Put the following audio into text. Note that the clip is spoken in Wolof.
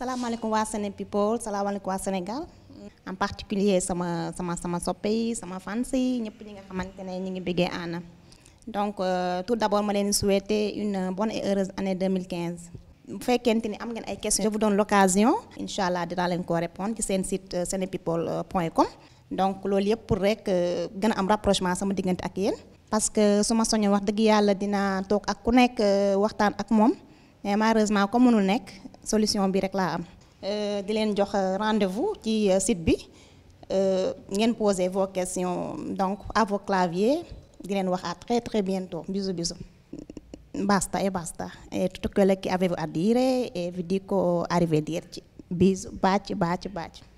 salaamaaleykum waa Séné people salaamaaleykum waa Sénégal en particulier sama sama sama soppe yi sama fans yi ñëpp ñi nga xamante ne ñu ngi bëggee Anna donc euh, tout d'abord ma leen souhaiter une bonne et heureuse année 2015 bu fekkente ni am ngeen ay questions je vous doon l'occasion incha allah dinaa leen ko répondre ci seen site euh, senepeople point com donc loolu yëpp pour rek euh, gën a am rapprochement sama diggante ak yéen parce que su ma soño wax dëgg yàlla dinaa toog ak ku nekk waxtaan ak moom mais mënul nekk solution bi rek laa am euh, di leen jox euh, rendez-vous ci euh, site bi ngeen poser vos questions donc à vos claviers di leen wax à très très bientôt bisous bisous basta e basta e tutto quello che avevo a dire e ci dico arrivederci ci baci ci baci